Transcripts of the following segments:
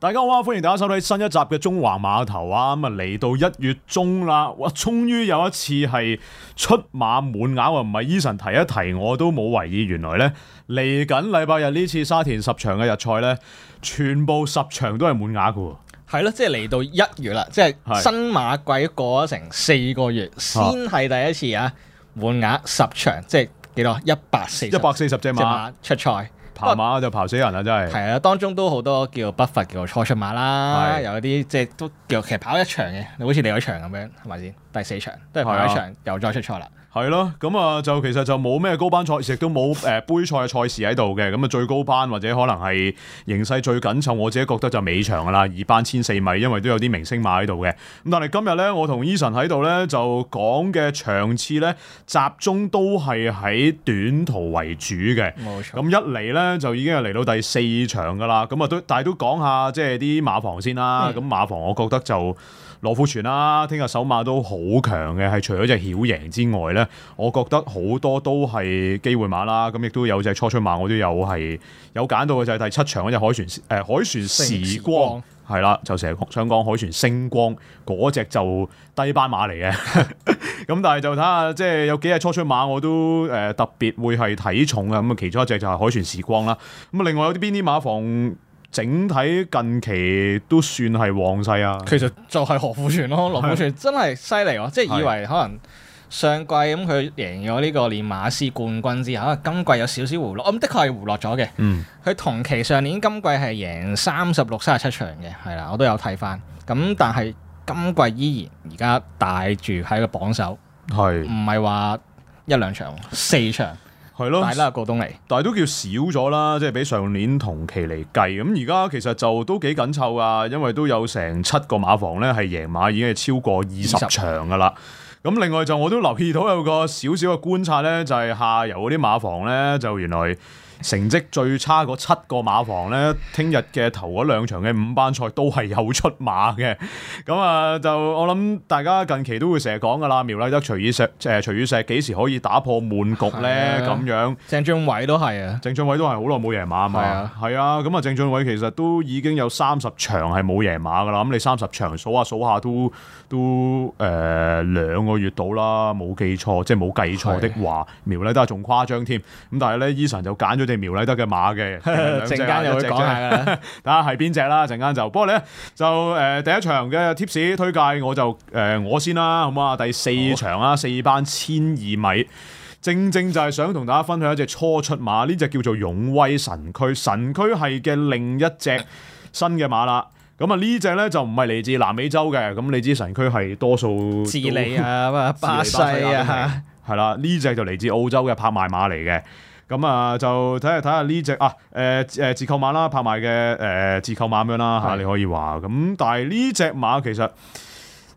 大家好啊！歡迎大家收睇新一集嘅縱橫馬投啊！咁啊嚟到一月中啦，哇！終於有一次係出馬滿額啊！唔係 Eason 提一提我都冇懷疑，原來咧嚟緊禮拜日呢次沙田十場嘅日賽咧，全部十場都係滿額噶，係咯！即係嚟到一月啦，即係新馬季過咗成四個月，先係第一次啊！滿額十場，即係幾多？一百四，一百四十隻馬出賽。跑馬就跑死人啦，真係。係啊，當中都好多叫不乏嘅初出馬啦，是有啲即係都叫其實跑一場嘅，你好似你嗰場咁樣，係咪先？第四場都係跑一場，啊、又再出錯啦。係咯，咁啊就其實就冇咩高班賽事，亦都冇誒，盃賽嘅賽事喺度嘅。咁啊最高班或者可能係形勢最緊湊，我自己覺得就尾場噶啦，二班千四米，因為都有啲明星馬喺度嘅。咁但係今日咧，我同 Eason 喺度咧就講嘅場次咧集中都係喺短途為主嘅。冇錯錯。咁一嚟咧就已經係嚟到第四場噶啦。咁啊都但係都講下即係啲馬房先啦。咁、嗯、馬房我覺得就。羅富全啦、啊，聽日首馬都好強嘅，係除咗隻曉贏之外咧，我覺得好多都係機會馬啦，咁亦都有隻初出馬我，我都有係有揀到嘅就係第七場嗰隻海船，誒、呃、海船時光係啦，就成日想講海船星光嗰隻就低班馬嚟嘅，咁 但係就睇下即係有幾隻初出馬我都誒特別會係睇重啊，咁啊，其中一隻就係海船時光啦，咁啊，另外有啲邊啲馬房？整體近期都算係旺勢啊！其實就係何富全咯、啊，何富全真係犀利喎！是的 即係以為可能上季咁佢贏咗呢個練馬師冠軍之後，今季有少少胡落，咁、嗯、的確係胡落咗嘅。佢、嗯、同期上年今季係贏三十六三十七場嘅，係啦，我都有睇返。咁但係今季依然而家帶住喺個榜首，係唔係話一兩場，四場。係咯，過冬但係啦，過冬嚟，但係都叫少咗啦，即係比上年同期嚟計，咁而家其實就都幾緊湊㗎，因為都有成七個馬房咧係贏馬已經係超過二十場㗎啦。咁另外就我都留意到有個小小嘅觀察咧，就係下游嗰啲馬房咧就原來。成績最差嗰七個馬房咧，聽日嘅頭嗰兩場嘅五班賽都係有出馬嘅。咁 啊、嗯，就我諗大家近期都會成日講噶啦，苗禮德徐雨石誒、呃、徐雨石幾時可以打破悶局咧？咁、啊、樣。鄭俊偉都係啊。鄭俊偉都係好耐冇贏馬啊嘛。係啊。係啊。咁、嗯、啊，鄭俊偉其實都已經有三十場係冇贏馬噶啦。咁、嗯、你三十場數下數下都都誒、呃、兩個月到啦，冇記錯即係冇計錯的話，的的苗禮德仲誇張添。咁但係咧，Eason 就揀咗。即苗禮德嘅馬嘅，陣間、 啊、又會講下啦。 睇下係邊隻啦？陣間就不過咧，就誒、呃、第一場嘅 tips 推介，我就誒、呃、我先啦，好嘛？咁啊，第四場啊，哦、四班千二米，正正就係想同大家分享一隻初出馬，呢隻叫做勇威神駒，神駒係嘅另一隻新嘅馬啦。咁啊呢隻咧就唔係嚟自南美洲嘅，咁你知神駒係多數智利啊，巴西啊吓，係 啦，呢隻就嚟自澳洲嘅拍賣馬嚟嘅。咁啊，就睇下睇下呢隻啊，誒誒自購馬啦，拍賣嘅誒、呃、自購馬咁樣啦嚇，是的 你可以話咁。但係呢隻馬其實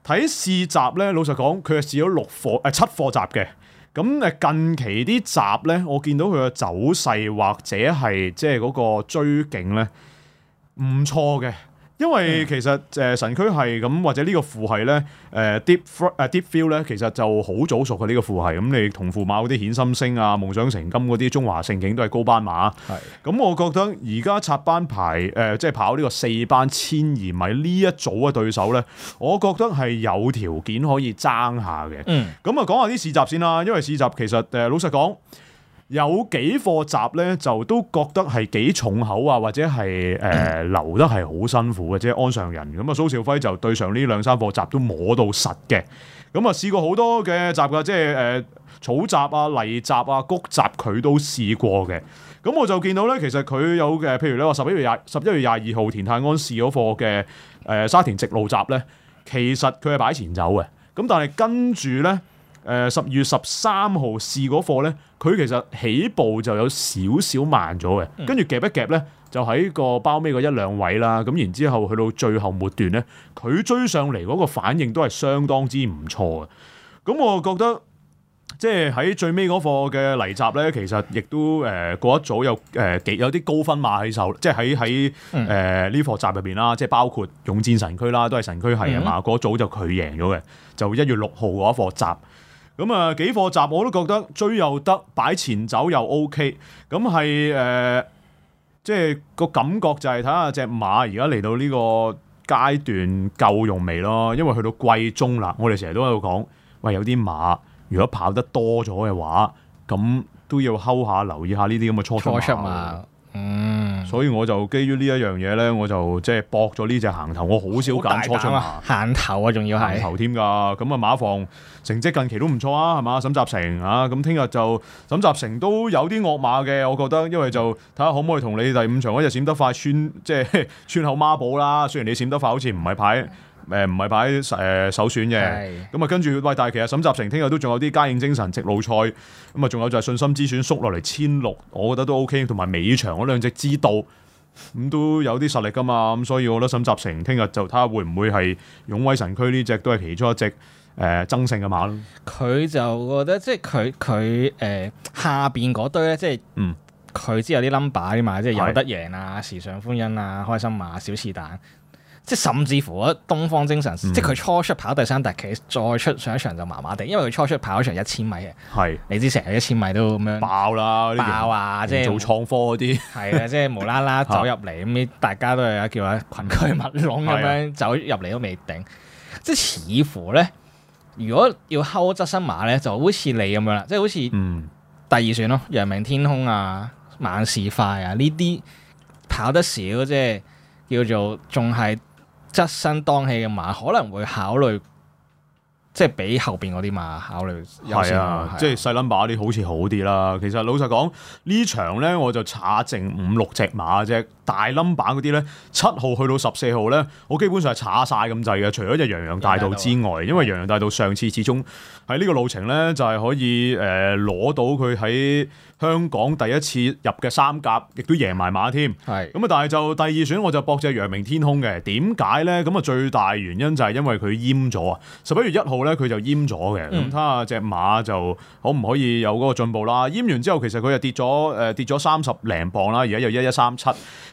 睇試閘咧，老實講，佢係試咗六貨誒、呃、七貨閘嘅。咁誒近期啲閘咧，我見到佢嘅走勢或者係即係嗰個追勁咧，唔錯嘅。因為其實誒神駒係咁或者呢個父係咧誒、呃、deep fr 誒 Deep Field 咧其實就好早熟嘅呢、這個父係咁你同父馬嗰啲顯心星啊夢想成金嗰啲中華聖景都係高班馬係咁是的 我覺得而家插班牌，誒、呃、即係跑呢個四班千二米呢一組嘅對手咧我覺得係有條件可以爭下嘅嗯咁啊講下啲試閘先啦因為試閘其實誒、呃、老實講。有幾課集咧，就都覺得係幾重口啊，或者係誒、呃、留得係好辛苦嘅，即係安上人咁啊。蘇兆輝就對上呢兩三課集都摸到實嘅，咁、嗯、啊試過好多嘅集噶，即係誒、呃、草集啊、泥集啊、谷集，佢都試過嘅。咁、嗯、我就見到咧，其實佢有嘅，譬如你話，十一月廿十一月廿二號田泰安試嗰課嘅誒、呃、沙田直路集咧，其實佢係擺前走嘅，咁但係跟住咧誒十二月十三號試嗰課咧。佢其實起步就有少少慢咗嘅，跟住夾一夾咧，就喺個包尾嗰一兩位啦。咁然之後去到最後末段咧，佢追上嚟嗰個反應都係相當之唔錯嘅。咁我覺得即係喺最尾嗰課嘅嚟集咧，其實亦都誒嗰、呃、一組有誒幾、呃、有啲高分馬起手，即係喺喺誒呢課集入邊啦。即係包括勇威神駒啦，都係神駒係啊嘛。嗰、嗯、組就佢贏咗嘅，就一月六號嗰一課集。咁啊，幾貨集我都覺得追又得，擺前走又 OK。咁係誒，即係個感覺就係睇下隻馬而家嚟到呢個階段夠用未咯？因為去到季中啦，我哋成日都喺度講，喂有啲馬如果跑得多咗嘅話，咁都要睺下，留意下呢啲咁嘅初出馬。嗯，um, 所以我就基於呢一樣嘢咧，我就即係博咗呢隻行頭，我好少揀、啊、初出春行頭啊，仲要行頭添噶。咁啊馬房成績近期都唔錯啊，係嘛沈集成啊，咁聽日就沈集成都有啲惡馬嘅，我覺得因為就睇下可唔可以同你第五場嗰隻閃得快穿，即係穿口孖寶啦。雖然你閃得快好似唔係牌。誒，唔係擺誒首選嘅，咁啊跟住喂，但係其實沈集成聽日都仲有啲家應精神直路賽，咁啊仲有就係信心之選縮落嚟千六，我覺得都 O K，同埋尾場嗰兩隻知道，咁都有啲實力噶嘛，咁所以我覺得沈集成聽日就睇下會唔會係勇威神駒呢隻都係其中一隻誒增勝嘅馬咯。佢就覺得即係佢佢誒下邊嗰堆咧，即係嗯，佢知有啲 number 啲嘛，即係有得贏啊，時尚歡欣啊，開心馬，小是蛋。即係甚至乎，東方精神，即係佢初出跑第三大旗，再出上一場就麻麻地，因為佢初出跑一場一千米嘅，係的你知成日一千米都咁樣爆啦，爆啊！即係做創科嗰啲係啊，即係無啦啦走入嚟咁，大家都係叫啊群居物籠咁樣走入嚟都未頂，的即係似乎咧，如果要吼質身馬咧，就好似你咁樣啦，即係好似第二選咯，陽明天空啊、萬事快啊呢啲跑得少，即係叫做仲係。側身當氣嘅馬，可能會考慮，即係畀後邊嗰啲馬考慮。係啊，是啊即係細冧把啲好似好啲啦。其實老實講，場呢場咧我就差剩五六隻馬啫。大冧板嗰啲咧，七號去到十四號咧，我基本上係炒晒咁滯嘅，除咗隻揚揚大道之外，因為揚揚大道上次始終喺呢個路程咧就係、是、可以誒攞、呃、到佢喺香港第一次入嘅三甲，亦都贏埋馬添。係咁啊，但係就第二選我就搏隻陽明天空嘅，點解咧？咁啊，最大原因就係因為佢閹咗啊！十一月一號咧，佢就閹咗嘅。咁睇下隻馬就可唔可以有嗰個進步啦？閹完之後，其實佢就跌咗誒、呃、跌咗三十零磅啦，而家又一一三七。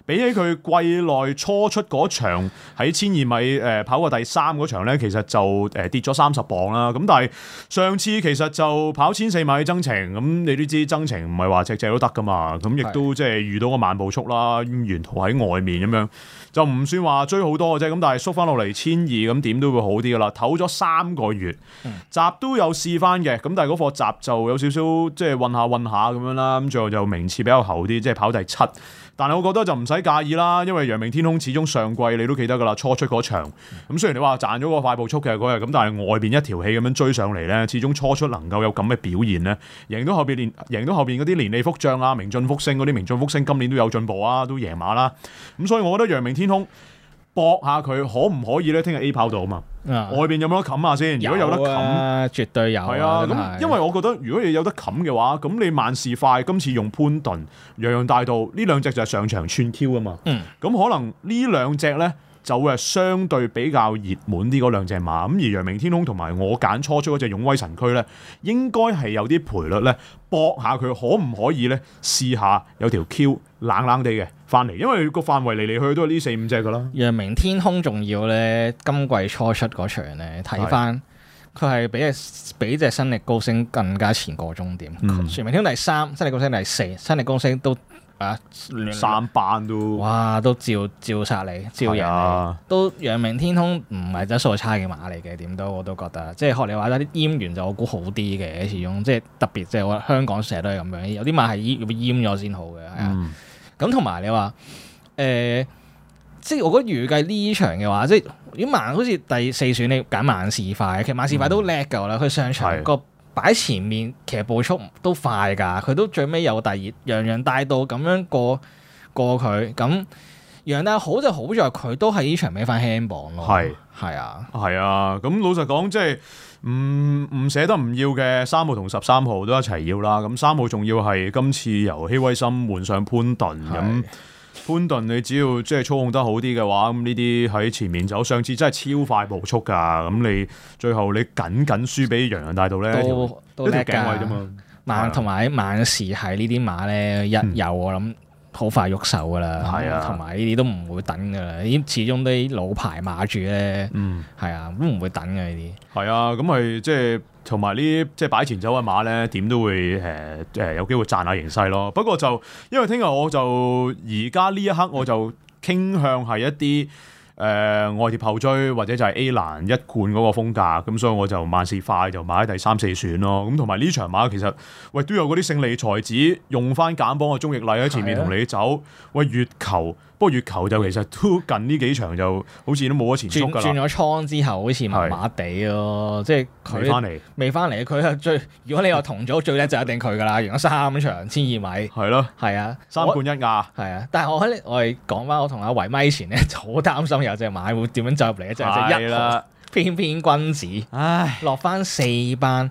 比起佢季內初出嗰場喺千二米誒、呃、跑過第三嗰場咧，其實就誒、呃、跌咗三十磅啦。咁但係上次其實就跑千四米增程，咁、嗯、你知增都知增程唔係話隻隻都得噶嘛。咁、嗯、亦都即係遇到個慢步速啦，沿途喺外面咁樣就唔算話追好多嘅啫。咁但係縮翻落嚟千二咁點都會好啲噶啦。唞咗三個月，閘都有試翻嘅。咁但係嗰個閘就有少少即係混下混下咁樣啦。咁、嗯嗯嗯嗯嗯、最後就名次比較後啲，即、就、係、是、跑第七。但係我覺得就唔使介意啦，因為陽明天空始終上季你都記得噶啦，初出嗰場咁，雖然你話賺咗個快步速嘅嗰日，咁但係外邊一條氣咁樣追上嚟呢，始終初出能夠有咁嘅表現呢，贏到後邊連贏到後邊嗰啲連利福將啊，明進福星嗰啲明進福星，福星今年都有進步啊，都贏馬啦，咁所以我覺得陽明天空。搏下佢可唔可以咧？聽日 A 跑道啊嘛，嗯、外邊有冇得冚下先？啊、如果有得冚，絕對有。係啊，咁、啊、因為我覺得，如果你有得冚嘅話，咁你萬事快。今次用潘頓、揚揚大道呢兩隻就係上場串 Q 啊嘛。嗯，咁可能呢兩隻咧。就會係相對比較熱門啲嗰兩隻馬，咁而陽明天空同埋我揀初出嗰隻勇威神駒咧，應該係有啲賠率咧，搏下佢可唔可以咧，試下有條 Q 冷冷地嘅翻嚟，因為個範圍嚟嚟去去都係呢四五隻噶啦。陽明天空仲要咧，今季初出嗰場咧，睇翻佢係比隻比隻新力高升更加前過終點，嗯、陽明天空第三，新力高升第四，新力高升都。啊！三班都哇，都照照殺你，照贏你，都陽明天空唔係質素差嘅馬嚟嘅。點都我都覺得，即係學你話齋，啲閹完就我估好啲嘅。始終即係特別，即係我香港成日都係咁樣，有啲馬係要閹咗先好嘅。咁同埋你話，誒、呃，即係我覺得預計呢場嘅話，即係萬好似第四選你揀萬事快，其實萬事快都叻嘅我諗，佢上場個。擺前面，其實步速都快噶，佢都最尾有第二，揚揚大道咁樣過過佢，咁揚揚好就好在佢都係呢場 make 翻 hang 榜咯，係係啊，係啊，咁、啊、老實講即係唔唔捨得唔要嘅三號同十三號都一齊要啦，咁三號仲要係今次由希威森換上潘頓咁。是潘頓，你只要即係操控得好啲嘅話，咁呢啲喺前面走，上次真係超快步速㗎。咁你最後你緊緊輸俾揚揚大道咧，都一條頸位啫嘛。晚同埋喺晚時喺呢啲馬咧一有我諗。嗯好快喐手㗎啦，同埋呢啲都唔會等㗎啦，依始終啲老牌馬住咧，係、嗯、啊都唔會等㗎呢啲。係啊，咁係即係同埋呢啲即係擺前走嘅馬咧，點都會誒誒、呃、有機會賺下形勢咯。不過就因為聽日我就而家呢一刻我就傾向係一啲。誒、呃、外接後追或者就係 A 欄一貫嗰個風格，咁所以我就萬事快就買第三四選咯。咁同埋呢場馬其實，喂都有嗰啲勝利才子用翻減磅嘅鍾易禮喺前面同你走，是啊、喂月球。不過月球就其實都近呢幾場就好似都冇咗前速啦。轉咗倉之後好的，好似麻麻地咯，即係佢未翻嚟，未翻嚟。佢係最，如果你話同組 最叻就一定佢噶啦，贏咗三場千二米。係咯的，係啊的，三冠一亞。係啊，但係我喺我係講翻，我同阿維米前咧就好擔心有隻馬會點樣走入嚟啊！隻的一啦，偏偏君子，唉，落翻四班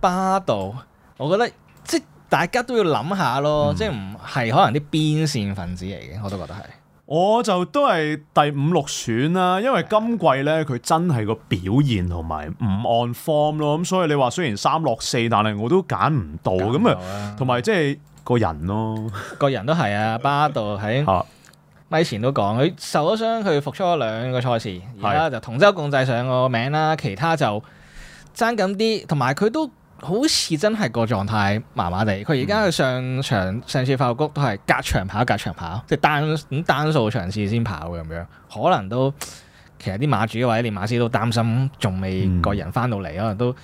巴度，我覺得即。大家都要諗下咯，嗯、即係唔係可能啲邊線分子嚟嘅，我都覺得係。我就都係第五六選啦，啊，因為今季呢，佢是的 真係個表現同埋唔按 form 咯，咁所以你話雖然三落四，4，但係我都揀唔到咁啊。同埋即係個人咯，個 人都係啊巴度喺咪前都講佢受咗傷，佢復出咗兩個賽事，而家就同舟共濟上個名啦，其他就爭緊啲，同埋佢都。好似真係個狀態麻麻地，佢而家去上場上次快活谷都係隔場跑隔場跑，即係單咁單數場次先跑咁樣，可能都其實啲馬主或者連馬師都擔心，仲未個人翻到嚟，嗯、可能都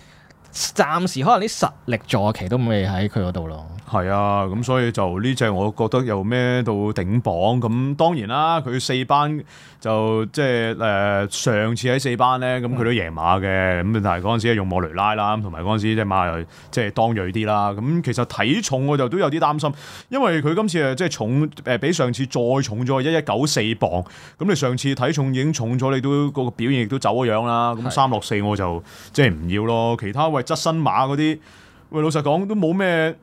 暫時可能啲實力坐騎都未喺佢嗰度咯。係啊，咁所以就呢隻我覺得又孭到頂榜咁，當然啦，佢四班。就即係誒，上次喺四班咧，咁佢都贏馬嘅咁，但係嗰陣時用莫雷拉啦，咁同埋嗰陣時隻馬又即係當銳啲啦。咁其實體重我就都有啲擔心，因為佢今次誒即係重誒比上次再重咗一一九四磅。咁你上次體重已經重咗，你都嗰個表現亦都走咗樣啦。咁三六四我就即係唔要咯。其他喂側身馬嗰啲喂，老實講都冇咩。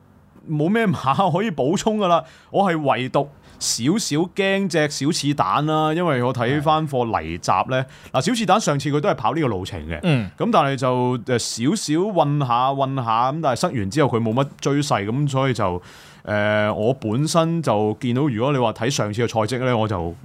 冇咩馬可以補充㗎喇，我係唯獨少少驚隻小刺蛋啦，因為我睇翻貨嚟集咧，嗱，小刺蛋上次佢都係跑呢個路程嘅，咁、嗯、但係就誒少少混下混下咁，但係塞完之後佢冇乜追勢咁，所以就。誒、呃，我本身就見到，如果你話睇上次嘅賽績咧，我就唔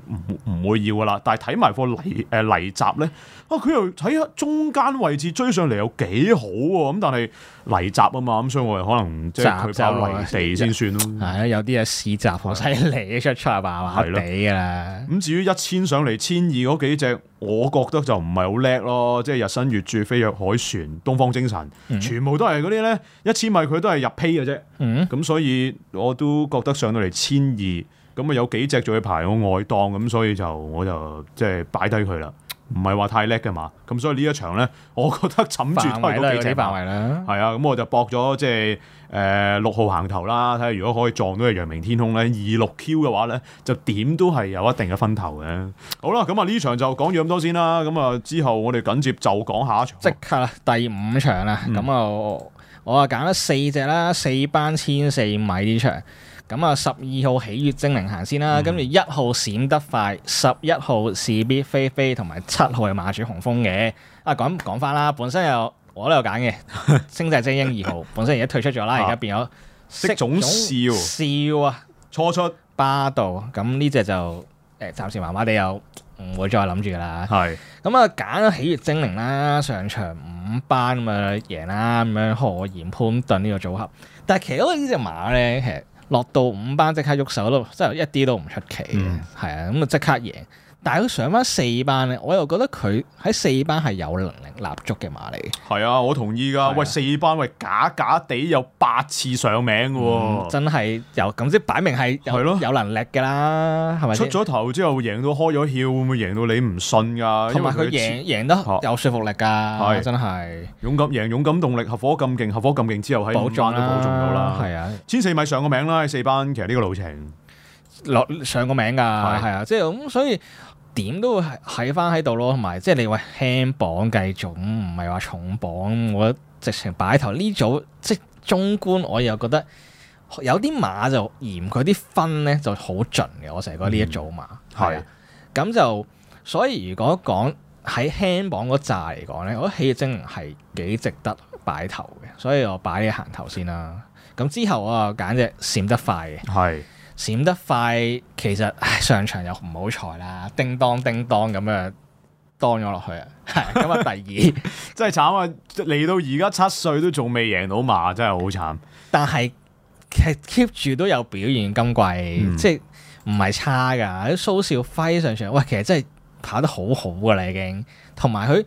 唔會要噶啦。但係睇埋個泥誒、呃、泥閘咧，啊佢又睇下中間位置追上嚟，啊，有幾好喎。咁但係泥閘啊嘛，咁所以我哋可能即係佢包泥地先算咯。係啊，呃、有啲嘢試閘好犀利，一的出出係麻麻地噶啦。咁至於一千上嚟千二嗰幾隻，我覺得就唔係好叻咯。即係日新月著，飛躍海船，東方精神，全部都係嗰啲咧一千米佢都係入呸嘅啫。咁所以。嗯我都覺得上到嚟千二咁啊，有幾隻仲喺排我外檔咁，所以就我就即係、就是、擺低佢啦，唔係話太叻㗎嘛。咁所以呢一場咧，我覺得冚住都到嗰幾隻範圍啦。係啊，咁我就博咗即係誒六號行頭啦，睇下如果可以撞到係陽明天空咧二六 Q 嘅話咧，就點都係有一定嘅分頭嘅。好啦，咁啊呢場就講咗咁多先啦。咁啊之後我哋緊接就講下一場，即刻第五場啦。咁啊、嗯、～我啊，揀咗四隻啦，四班千四米啲場，咁啊十二號喜悅精靈行先啦，跟住一號閃得快，十一號是必飛飛同埋七號係馬主雄風嘅，啊講講翻啦，本身又我都有揀嘅，星際精英二號本身而家退出咗啦，而家變咗色種笑笑啊，初出霸道，咁呢隻就誒暫、欸、時麻麻地有。唔會再諗住噶啦，係咁啊揀咗喜悅精靈啦，上場五班咁啊贏啦，咁樣賀賢潘頓呢個組合，但係騎到呢隻馬咧，其實落到五班即刻喐手咯，真係一啲都唔出奇嘅，係、嗯、啊，咁啊即刻贏。但係佢上翻四班咧，我又覺得佢喺四班係有能力立足嘅馬嚟。係啊，我同意噶。是啊、喂，四班喂假假地有八次上名嘅、啊、喎、嗯，真係又咁即係擺明係係咯有能力嘅啦，係咪？出咗頭之後贏到開咗竅，會唔會贏到你唔信噶、啊？同埋佢贏贏得有說服力噶，係是、啊、真係的。勇敢贏勇敢動力合夥咁勁，合夥咁勁之後喺四班都保重到啦。係啊，啊千四米上個名啦喺四班，其實呢個路程。落上個名噶，係啊是，即係咁，所以點都會喺翻喺度咯，同埋即係你話輕磅繼續，唔係話重磅，我覺得直情擺頭呢組即中官，我又覺得有啲馬就嫌佢啲分咧就好盡嘅，我成日講呢一組馬，係啊，咁、嗯、就所以如果講喺輕磅嗰紮嚟講咧，我覺得喜悅精靈係幾值得擺頭嘅，所以我擺啲行頭先啦，咁之後我啊揀隻閃得快嘅係。閃得快，其實上場又唔好彩啦，叮當叮當咁樣當咗落去啊！咁啊，第二真係慘啊！嚟到而家七歲都仲未贏到馬，真係好慘。但係其實 keep 住都有表現，今季、嗯、即係唔係差噶。啲蘇少輝上場，喂，其實真係跑得好好噶啦，已經。同埋佢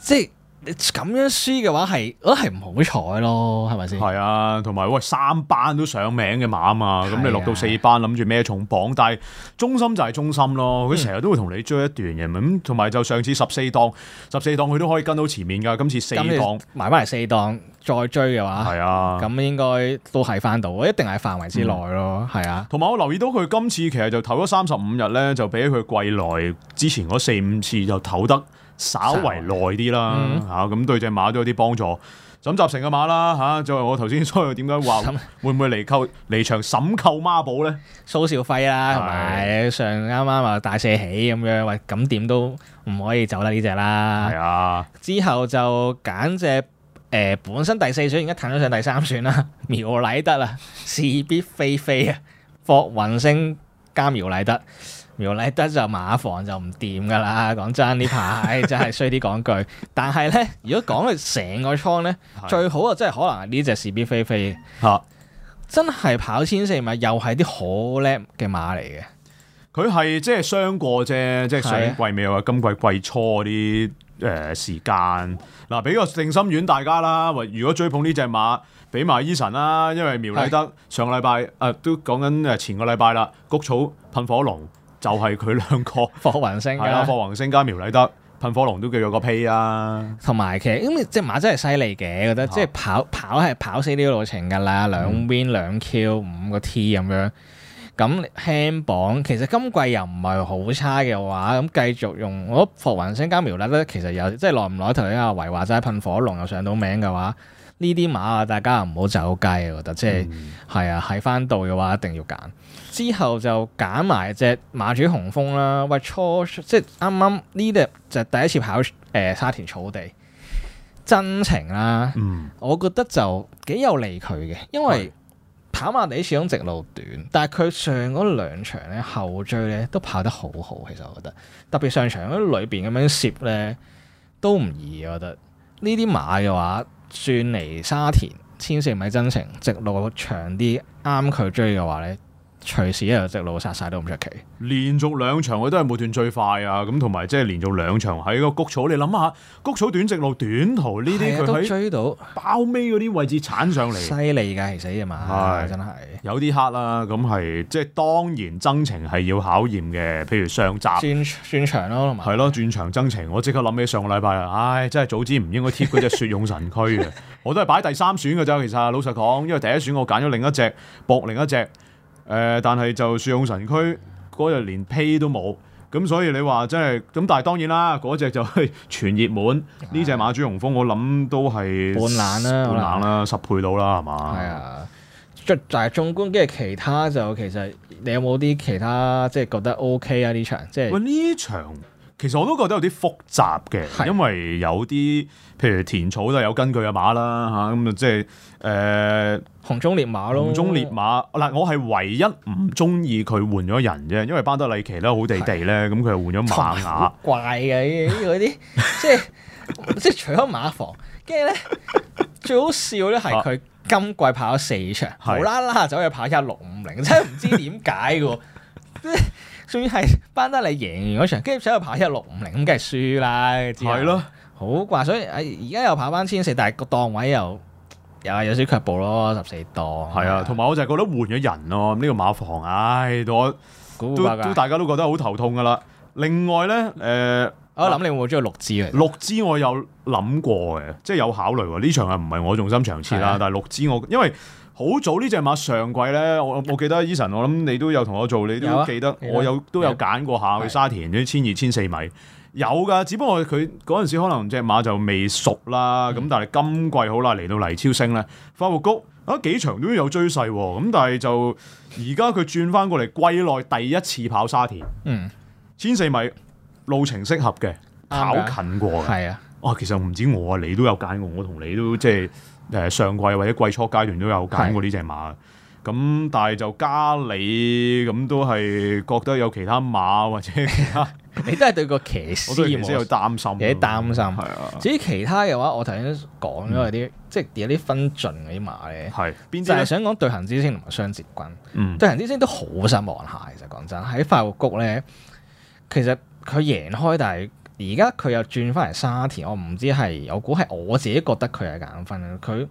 即係。咁樣輸嘅話係，我係唔好彩咯，係咪先？係啊，同埋喂，三班都上名嘅馬啊嘛，咁是、啊、你落到四班，諗住咩重磅？但係中心就係中心咯，佢成日都會同你追一段嘅咁，同、嗯、埋就上次十四檔，十四檔佢都可以跟到前面噶，今次四檔埋翻嚟四檔再追嘅話，係是啊，咁應該都係翻到，一定喺範圍之內咯，係、嗯、是啊。同埋我留意到佢今次其實就唞咗三十五日咧，就比起佢季內之前嗰四五次就唞得，稍為耐啲啦，吓咁、嗯啊、對隻馬都有啲幫助。沈集成嘅馬啦，吓、啊、作為我頭先所以點解話會唔會離扣離場沈扣孖寶咧？蘇少輝啦，係的上啱啱話大卸起咁樣，喂咁點都唔可以走啦呢隻啦。係啊的，之後就揀隻誒本身第四選，而家彈咗上第三選啦。苗禮德啦，是必飛飛，啊，霍雲星加苗禮德。苗禮德就馬房就唔掂噶啦，講真呢排真係衰啲講句。 但係咧，如果講佢成個倉咧， 最好的的飛飛啊，真係可能係呢隻是必飛飛嚇，真係跑千四米又係啲好叻嘅馬嚟嘅。佢係即係傷過啫，即係上季尾？啊、或者今季季初啲誒時間。嗱、呃，俾個定心丸大家啦。或如果追捧呢隻馬，俾埋 Eason 啦，因為苗禮德上個禮拜誒、呃、都講緊誒前個禮拜啦，谷草噴火龍。就係佢兩個霍雲星、啊，係啦、啊，霍雲星加苗禮德噴火龍都叫咗個屁啊！同埋其實咁隻馬真係犀利嘅，覺得即係跑、啊、跑係跑，跑死呢個路程㗎啦，兩 win、嗯、兩 Q 五個 t 咁樣，咁輕磅，其實今季又唔係好差嘅話，咁繼續用我覺得霍雲星加苗禮德，其實又即係耐唔耐頭先阿維話齋噴火龍又上到名嘅話。呢啲馬啊，大家唔好走雞，我覺得即係係啊，喺翻度嘅話一定要揀。之後就揀埋隻馬主紅峯啦，喂，初即係啱啱呢隻就第一次跑誒、呃、沙田草地真情啦。嗯、我覺得就幾有利佢嘅，因為跑馬地始終直路短，但係佢上嗰兩場咧後追咧都跑得好好，其實我覺得特別上場喺裏邊咁樣攝咧都唔易，我覺得呢啲馬嘅話。轉嚟沙田千四米征程，直路長啲，啱佢追嘅話咧，隨時一路直路殺晒都唔出奇。連續兩場佢都係冇斷最快啊！咁同埋即係連續兩場喺個谷草，你諗下谷草短直路短途呢啲，佢、啊、喺都追到包尾嗰啲位置鏟上嚟，犀利噶，其實啊嘛，係是真係。有啲黑啦，咁係即係當然陣程係要考驗嘅，譬如上集。轉轉場咯，同埋係咯，轉場陣程。我即刻諗起上個禮拜啦，唉，真係早知唔應該貼嗰隻雪勇神駒嘅， 我都係擺第三選嘅啫。其實老實講，因為第一選我揀咗另一隻博另一隻，誒、呃，但係就雪勇神駒嗰日連披都冇，咁所以你話真係咁，但係當然啦，嗰隻就係全熱門呢、哎、呀隻馬主雄風，我諗都係半冷啦，半冷啦，十倍到啦，係嘛？係啊、哎。即係，但係縱觀，跟住其他就，其實你有冇啲其他即係覺得 OK 啊？呢場即係。喂，呢場其實我都覺得有啲複雜嘅，因為有啲譬如田草都有根據嘅馬啦，吓咁啊，即係誒，呃、紅中烈馬咯，紅中烈馬。嗱、哦，我係唯一唔中意佢換咗人啫，因為班德里奇咧好地地咧，咁佢係換咗馬，馬怪嘅呢嗰啲，即係即係除咗馬房，跟住咧最好笑咧係佢。 今季跑咗四場，無啦啦走去跑一下六五零，真係唔知點解嘅，即係算係班得你贏完嗰場，跟住走去跑一下六五零，咁梗係輸啦。係咯，好啩。所以誒，而家又跑翻千四，但係個檔位又又係有少少卻步咯，十四檔。係的以啊，同埋我就係覺得換咗人咯，呢個馬房，唉，到我都都大家都覺得好頭痛噶啦。另外咧，誒、呃。我諗你會唔會中意六支嘅？六支我有諗過嘅，即係有考慮。呢場係唔係我重心場次啦，的但係六支我因為好早呢隻馬上季咧，我我記得 Eason，我諗你都有同我做，你都記得，啊、我有都有揀過下去沙田啲千二千四米有噶，只不過佢嗰陣時可能隻馬就未熟啦。咁、嗯、但係今季好啦，嚟到泥超升咧，快活谷啊幾場都有追勢咁，但係就而家佢轉翻過嚟，季內第一次跑沙田，嗯，千四米。路程適合嘅跑近過嘅，係啊！哦，其實唔止我啊，你都有揀過。我同你都即係誒上季或者季初階段都有揀過呢隻馬。咁但係就加你咁都係覺得有其他馬或者其他，你都係對個騎師都有擔心，有啲擔心。至於其他嘅話，我頭先講咗有啲即係有啲分盡嗰啲馬咧，係就係想講對行之星同埋雙捷軍，對行之星都好失望下。其實講真喺快活谷咧，其實，佢贏開，但係而家佢又轉翻嚟沙田，我唔知係，我估係我自己覺得佢係減分。佢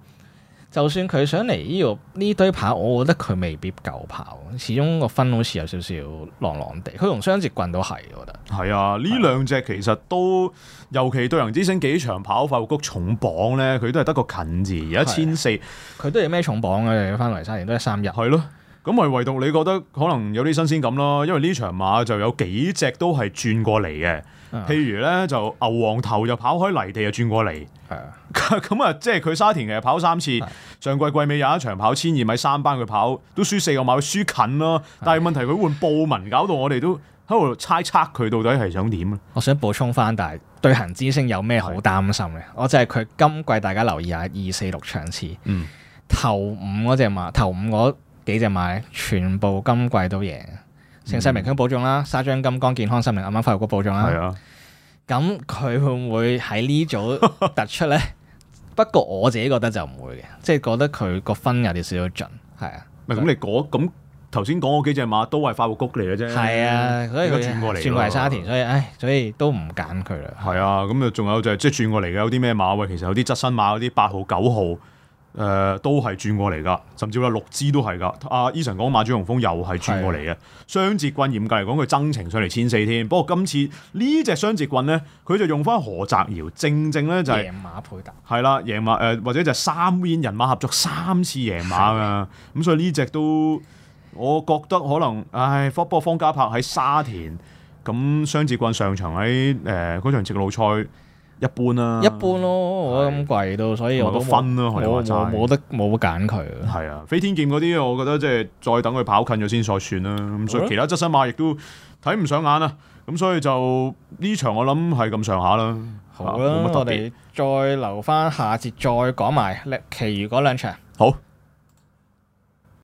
就算佢想嚟呢度呢堆跑，我覺得佢未必夠跑，始終個分好似有少少狼狼地。佢同雙截棍都係，我覺得。係啊，呢兩隻其實都，尤其對人之星幾場跑法局重磅咧，佢都係得個近字，而家千四，佢都有咩重磅啊？又翻嚟沙田都係三日。係咯。咁咪唯獨你覺得可能有啲新鮮感咯，因為呢場馬就有幾隻都係轉過嚟嘅。嗯、譬如咧就牛王頭又跑開泥地又轉過嚟，係啊、嗯，咁啊即係佢沙田其實跑三次，嗯、上季季尾有一場跑千二米三班佢跑都輸四個馬，輸近咯，但係問題佢換布文搞到我哋都喺度猜測佢到底係想點啊！我想補充翻，但係對行之星有咩好擔心嘅？是的 我就係佢今季大家留意下二四六場次，嗯頭，頭五嗰隻馬頭五幾隻馬全部今季都贏，盛世名駒保中啦，沙張金剛、健康生命啱啱發育谷保中啦。係啊，咁佢會唔會喺呢組突出咧？ 不過我自己覺得就唔會嘅，即、就、係、是、覺得佢個分有啲少少盡，係啊。咁以你講咁頭先講嗰幾隻馬都係發育谷嚟嘅啫，係啊，所以轉過嚟轉過嚟沙田，所以唉，所以都唔揀佢啦。係啊，咁啊仲有就係即係轉過嚟嘅有啲咩馬喂？其實有啲側身馬嗰啲八號九號。誒、呃、都係轉過嚟噶，甚至啦六支都係噶。阿、啊、Eason 講馬主雄風又係轉過嚟嘅，是的 雙節棍嚴格嚟講佢增程上嚟千四添。不過今次隻呢隻雙節棍咧，佢就用翻何澤堯，正正咧就係、是、贏馬配搭，係啦，贏馬誒、呃、或者就三邊人馬合作三次贏馬㗎，咁是的 所以呢隻都我覺得可能，唉，不過方嘉柏喺沙田咁雙節棍上場喺誒嗰場直路賽。一般啦、啊，一般咯，我覺得咁貴到，所以我都、嗯嗰個、分咯、啊，係話齋。我我冇得冇得揀佢。係啊，飛天劍嗰啲，我覺得即係再等佢跑近咗先再算啦。咁所以其他質素馬亦都睇唔上眼啊。咁所以就呢場我諗係咁上下啦。好啦，冇乜、啊、特別。我哋我再留翻下節再講埋咧，其餘嗰兩場。好。